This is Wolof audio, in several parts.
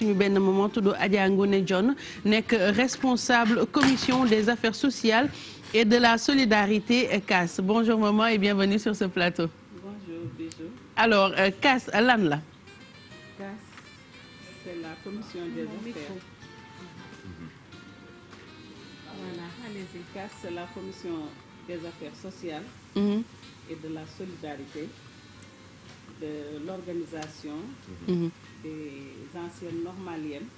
suñu benn moment tudd Adja responsable commission des affaires sociales et de la solidarité CAS bonjour maman et bienvenue sur ce plateau. bonjour alors CAS euh, lan la. CAS c'est la commission des affaires. Mm-hmm. de la solidarité. de l'organisation mm -hmm. des anciennes normaliennes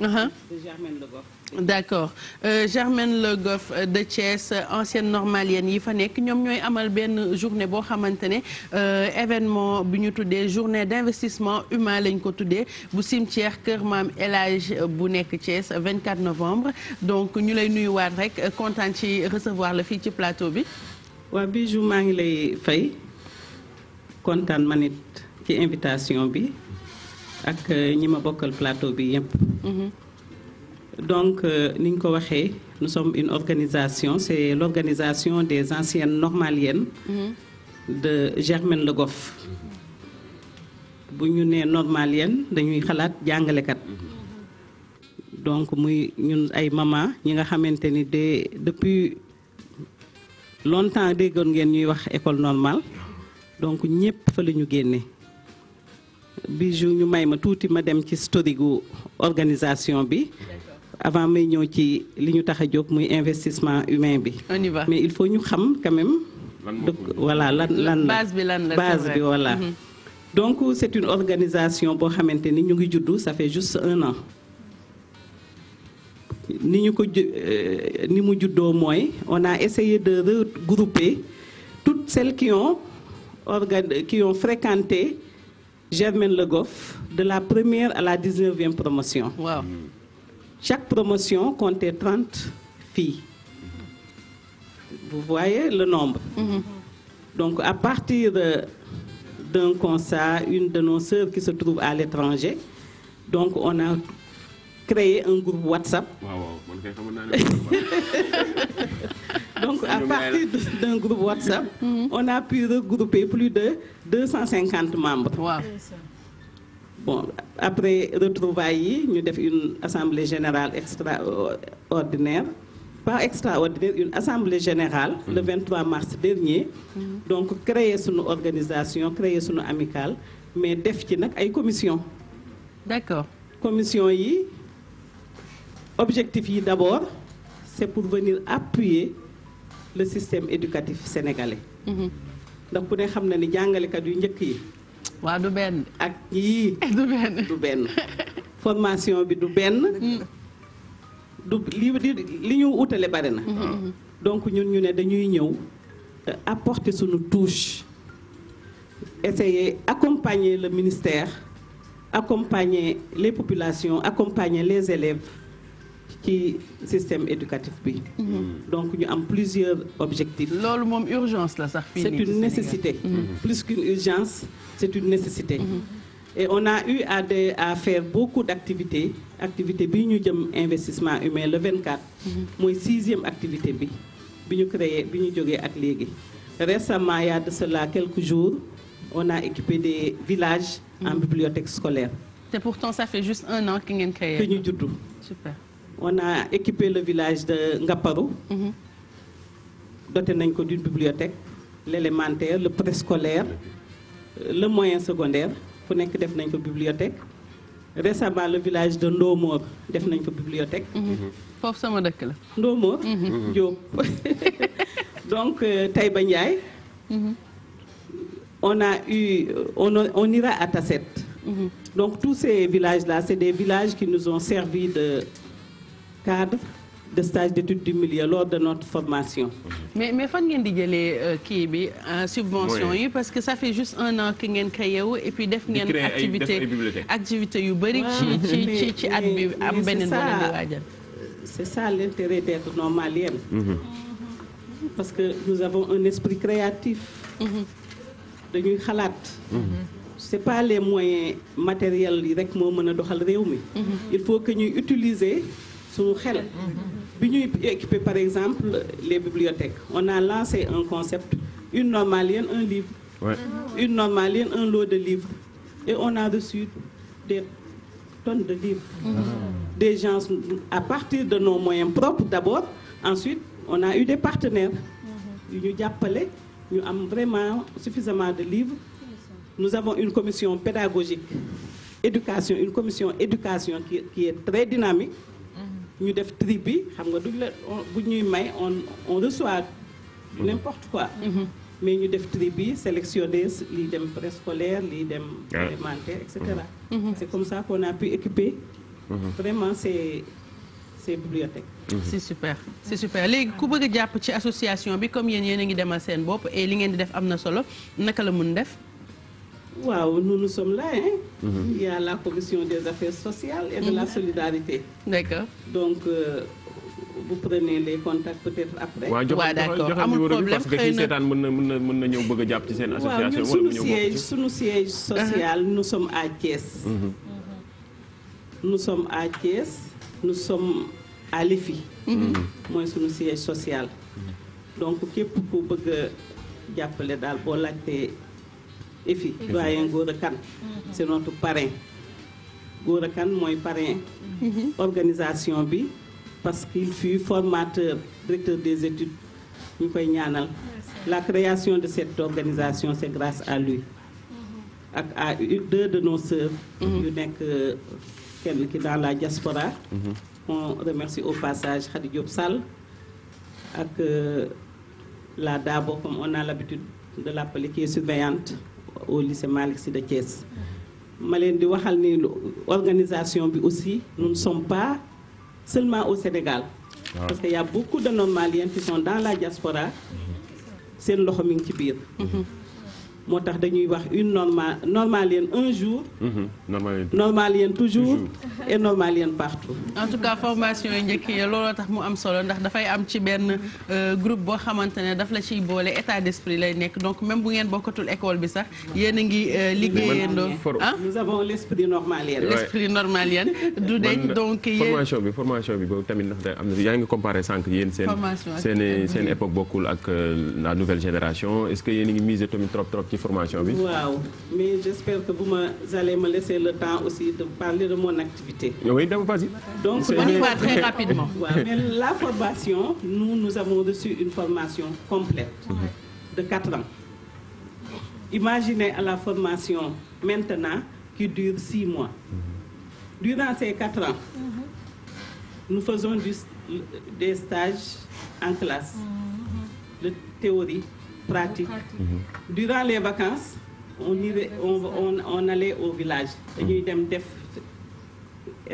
uh -huh. de Germaine Le Goff. D'accord euh, Germaine Le Goff euh, de Thiès ancienne normalienne yi fa nekk ñoom ñooy amal benn journée boo xamante ne euh, événement bu ñu tuddee journée d'investissement humain lañ ko tuddee bu cimetière Kër Maam El Hadj bu nekk Thiès 24 novembre donc ñu lay nuyuwaat rek kontaan ci recevoir la fii ci plateau bi. waaw Bijou maa ngi lay fay. kontaan man ci invitation bi ak euh, ñi ma bokkal plateau bi yëpp. Mm-hmm. donc euh, niñ ko waxee nous sommes une organisation c'est l'organisation des anciennes normaliennes. Mm-hmm. de Germaine Le Goff. bu ñu nee normalienne dañuy xalaat jàngalekat. donc muy ñun ay mama ñi nga xamante ni de depuis longtemps déggoon ngeen ñuy wax école normale. donc ñëpp fa la ñu génne bi jour ñu may ma tuuti ma dem ci historique gu organisation bi avant may ñëw ci li ñu tax a jóg muy investissement humain bi mais il faut ñu xam quand même voilà lan lan base bi lan mm-hmm. donc c'est une organisation boo xamante ni ñu ngi juddu ça fait juste un an ni ñu ko euh, ni mu juddoo mooy on a essayé de regrouper toutes celles qui ont fréquenté Germaine Le Goff de la première à la 19e promotion. Wow. Chaque promotion comptait 30 filles. Vous voyez le nombre. Mhm. Donc à partir euh, d'un constat, une de qui se trouve à l'étranger, donc on a créé un groupe WhatsApp. donc à partir d'un groupe WhatsApp mm-hmm. on a pu regrouper plus de membre membres waaw bon après retrouvailles yi ñu def une assemblée générale extraordinaire pas extraordinaire une assemblée générale mm-hmm. le 23 mars dernier mm-hmm. donc créer suñu organisation créer suñu amicale mais def ci nag ay commission d'accord commission yi objectif yi d'abord c'est pour venir appuyer le système éducatif sénégalais. Mhm. ndax ku ne xam na ni jàngalekat yu njëkk yi. waa du benn. ak yii. du benn du benn. formation bi du benn. Mhm. du li li ñu utale bare na. Mhm. donc ñun ñu ne dañuy ñëw euh, apporter suñu touche. essayer accompagner le ministère accompagner les population accompagner les élèves. ci système éducatif bi. Mhm. donc ñu am plusieurs objectifs. loolu moom urgence la sax fii c'est une nécessité. Mhm. Mhm. plus qu'une urgence c'est une nécessité. on a eu à de à faire beaucoup d'activités activité bi ñu jëm investissement humain le quatre mooy sixième activité bi bi ñu créé bi ñu jógee ak léegi. récemment il y a de cela quelques jours on a équipé des village en bibliothèque scolaire. et pourtant ça fait juste un an ki ngeen créé. que ñu juddu. on a équipé le village de Ngaparou. Mhm. doté nañ ko d'une bibliothèque l'élémentaire le préscolaire le moyen secondaire fu nekk def nañ ko bibliothèque récemment le village de Ndomor def nañ ko bibliothèque. Mhm. foofu sama dëkk la. Ndomor. Mhm. Diop donc euh, Taïba Ndiaye. on a eu on on ira à Tasset. donc tous ces villages là c'est des villages qui nous ont servi de. cadre de stage d'études du milieu lors de notre formation. mais mais fan ngeen di jëlee euh, kii bi euh, subvention yi parce que ça fait juste un an que ngeen créé wu et puis def ngeen. activité activité yu bëri. ci ci ci ci at bi am beneen wala di waajal. c'est ça l'intérêt d'être normalienne. Mm-hmm. parce que nous avons un esprit créatif. Mm-hmm. dañuy xalaat. Mm-hmm. c'est pas les moyen matériels yi rek moo mën a doxal réew mi. il faut que ñuy utiliser. suñu xel bi ñuy équiper par exemple les bibliothèques on a lancé un concept une normalienne un livre ouais. une normalienne un lot de livres et on a reçu des tonnes de livres ah. des gens à partir de nos moyens propres d'abord ensuite on a eu des partenaires mm-hmm. yu ñu jàppale ñu am vraiment suffisamment de livres nous avons une commission pédagogique éducation une commission éducation qui, qui est très dynamique ñu def trip bi xam nga duñ bu ñuy may on on reçoit mhm. n'importe quoi mhm. mais ñu def trip bi sélectionner lii dem préscolaire lii dem élémentaire et cetera mhm. c'est comme ça qu'on a pu équiper vraiment c'est ces bibliothèques c'est super léegi ku bëgg jàpp ci association bi comme yéen yéen a ngi demal seen bopp et li ngeen di def am na solo naka la mun def waaw nous nous sommes il y a la commission des affaires sociales et de la mhm. solidarité. Donc, bu euh, vous prenez les contacts peut-être après. waaw jox d'accord amul problème xëy na parce mën na mën na mën na ñëw bëgg a jàpp ci seen. association wala mu ñëw sunu siège sunu mhm. siège social mhm. nous sommes à Thiès. nous sommes à mooy sunu siège social. donc képp ku bëgg a jàppale daal boo laajtee. EFI doyen Gora Kane mm-hmm. c'est notre parrain Gora Kane mooy parrain mm-hmm. organisation bi parce qu'il fut formateur directeur des études ñu koy ñaanal la création de cette organisation c'est grâce à lui mm-hmm. ak à deux de nos sœurs yu nekk euh, kenn ki dans la diaspora on remercie au passage Khady Diop Sall ak euh, la Dabo comme on a l'habitude de l'appeler qui est au lycée Malick Sy de Thiès. ma leen di waxal ni organisation bi aussi nous ne sommes au Sénégal. Ah. parce qu'il y a beaucoup de non-maliens dans la diaspora seen loxo mi ngi ci biir. Mhm. moo tax dañuy wax une norma normalienne un jour. Mhm, normalienne normalienne toujours. et normalienne partout. en tout cas formation yi njëkk yi looloo tax mu am solo ndax dafay am ci benn euh, groupe boo xamante ne daf la ciy boole état d'esprit lay nekk donc même bu ngeen bokkatul école bi sax yéen a ngi euh, liggéeyandoo. ah nous avons l'esprit normalien. l'esprit normalien. du denc donc yéen formation bi formation bi boobu tamit ndax am yaa ngi comparé sànq yéen seen. époque bokkul ak euh, la nouvelle génération est-ce que yéen ngi misé trop trop ci formation bi. waaw mais j'espère que vous allez me laisser le temps aussi de parler de mon activité. on y va très la formation nous nous avons reçu une formation complète. Mhm. de quatre ans. Imaginez à la formation maintenant qui dure six mois. Mhm. Durant ces quatre ans, mhm. nous faisons des stages en classe, de théorie pratique. Mhm. Durant les vacances, on, irait, on, on, on allait au village. dañuy dem def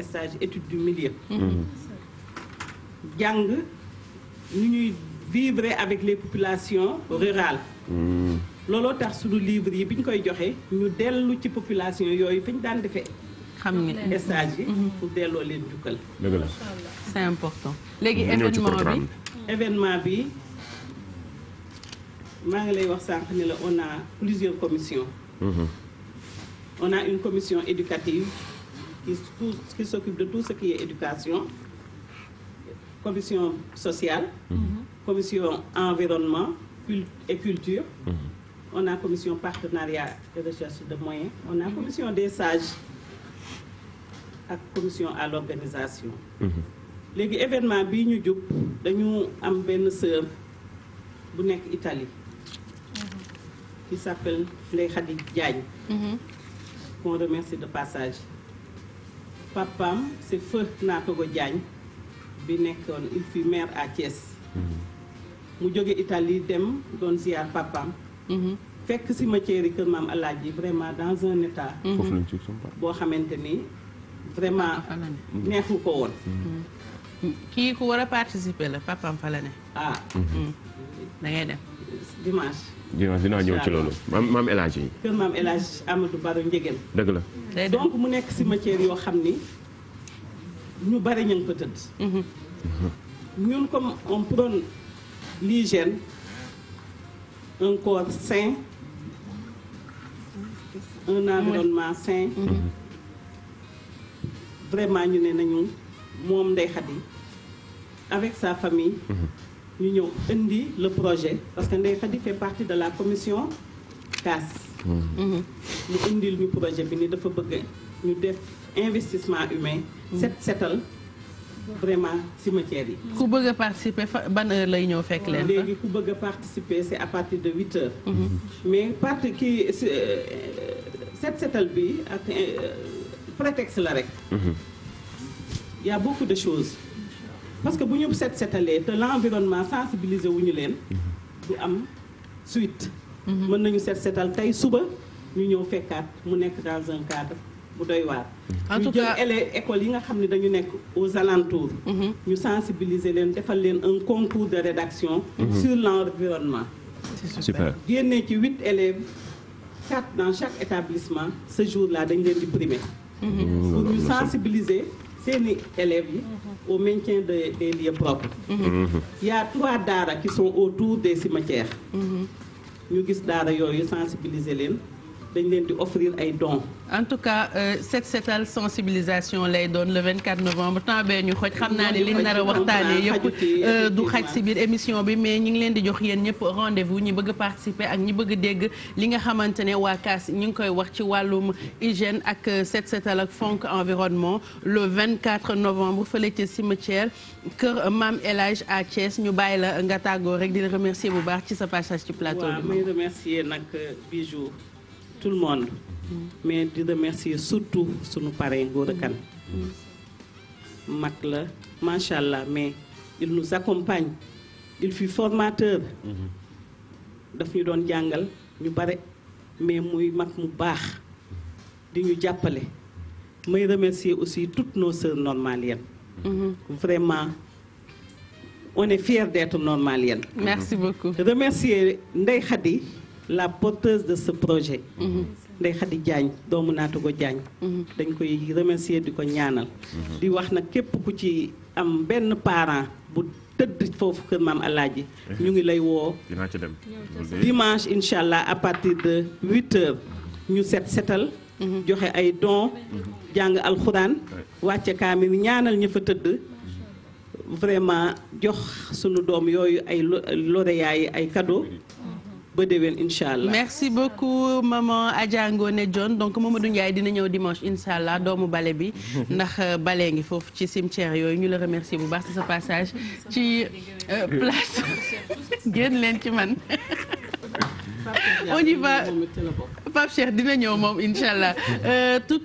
stage étude du milieu. Mhm. jàng nu ñuy vivre avec les populations rurales. Mhm. looloo tax suñu livre yi bi ñu koy joxe ñu dellu ci population yooyu fi ñu daan defee. xam ni stage yi. pour delloo leen jukkal. c'est important. léegi événement bi événement bi. maa ngi lay wax sànq ni la on a plusieurs commissions. Mmh. on une commission éducative qui tout s'occupe de tout ce qui est commission sociale. Mhm. commission environnement culture. Mmh. on a commission partenariat et recherche de moyens. on a mhm. commission des sages ak commission à l'organisation. Mhm. léegi événement bii ñu jub dañu am benn sœur bu nekk Italie. qui s'appelle Ndeye Khady Diagne. qu'on mm-hmm. remercie de passage. papam c'est feu Naatago Diagne bi nekkoon il fut maire à Thiès. Mm-hmm. mu jóge Italie dem doon ziar papam mm-hmm. fekk si matière kër maam Alaaji vraiment dans un état. boo xamante ni vraiment neexu ko woon. kii ku war a participer la papam fa la ne. ah. dem. dina dinaa ñëw ci loolu. maam maam El Hadj yi. kër maam El Hadj Amadou Baro Njëgeen. dëgg la. donc mu nekk cimetière yoo xam ni ñu bari ñu ngi ko tëdd. Mhm. ñun comme on prône l'hygiène un corps sain un environnement sain. Mhm. vraiment ñu ne nañu moom Ndeye Khady avec sa famille. Mhm. ñu ñëw indi le projet parce que Ndeye Khady fait parti de la commission CAS mu mm-hmm. indil ñu projet bi ni dafa bëgg ñu def investissement humain mm-hmm. set setal vraiment cimetière yi ku bëgg a participer fa ban heure lay ñëw fekk leen léegi ku bëgg a participer c'est à parti de huit heures mm-hmm. mais parti kii euh, set setal bi ak euh, prétexte la rek y a beaucoup de choses parce que bu ñu set setalee te l'environnement sensibiliser wu ñu leen du am suite. Mhm. mën nañu set setal tey suba ñu ñëw fekkaat mu nekk dans un cadre bu doy waar. en tout cas ñu jël école yi nga xam ne dañu nekk aux alentours. Mhm. ñu sensibiliser leen defal leen un concours de rédaction. Mhm. sur l'environnement. c'est super génne ci huit élèves quatre dans chaque établissement ce jour-là dañu leen di primer. Mmh, pour ñu sensibiliser. seeni élèves yi mhm. au maintien de des lieux propres mhm. y a trois daara qui sont autour des cimetières mhm. ñu gis daara yooyu sensibiliser leen dañ leen di offrir ay dons. en tout cas set euh, setal sensibilisation lay doon le 24 novembre temps bee ñu xoj xam naa ne liñ nar a waxtaanee yëpp du xaj si biir émission bi mais ñi ngi leen di jox yéen ñëpp rendez-vous ñi bëgg participer ak ñi bëgg dégg li nga xamante ne waa kaas ñi ngi koy wax ci wàllum hygiène ak set setal ak fonk environnement le 24 novembre fële ca cimetière kër Maam El Hadj à Thiès ñu bàyyi la nga tàggoo rek di la remercier bu baax ci sa passage ci plateau bi. waaw may remercier tout le monde mais di remercier surtout sunu parrain Gora Kane mag la macha allah mais il nous accompagne il fut formateur daf ñu doon jàngal ñu bare mais muy mag mu baax di ñu jàppale may remercier aussi toutes nos sœurs normaliennes vraiment one est deetu d'être normaliennes remercier Ndeye Khady la porteuse de ce projet. Mm-hmm. Ndeye Khady Diagne doomu Naatago Diagne. Mm-hmm. dañ koy remercier di ko ñaanal. Mm-hmm. di wax nag képp ku ci am benn parent bu tëdd foofu kër maam Alaaji ñu ngi lay woo. dinaa ci dimanche incha allah à partir de huit heures ñu set setal. joxe ay don jàng alxuraan. wàcce kaamil ñaanal ña fa tëdd. vraiment jox sunu doom yooyu ay lauréats yi ay cadeaux. ba déwén incha allah. merci beaucoup maman Adja ne John donc Mamadou Ndiaye dina ñëw dimanche incha allah doomu bale bi ndax euh, bale ngi foofu ci cimetière yooyu ñu la remercier bu baax ci sa passage ci euh, place génn leen ci man. on y va Pape dina ñëw moom incha allah. Euh,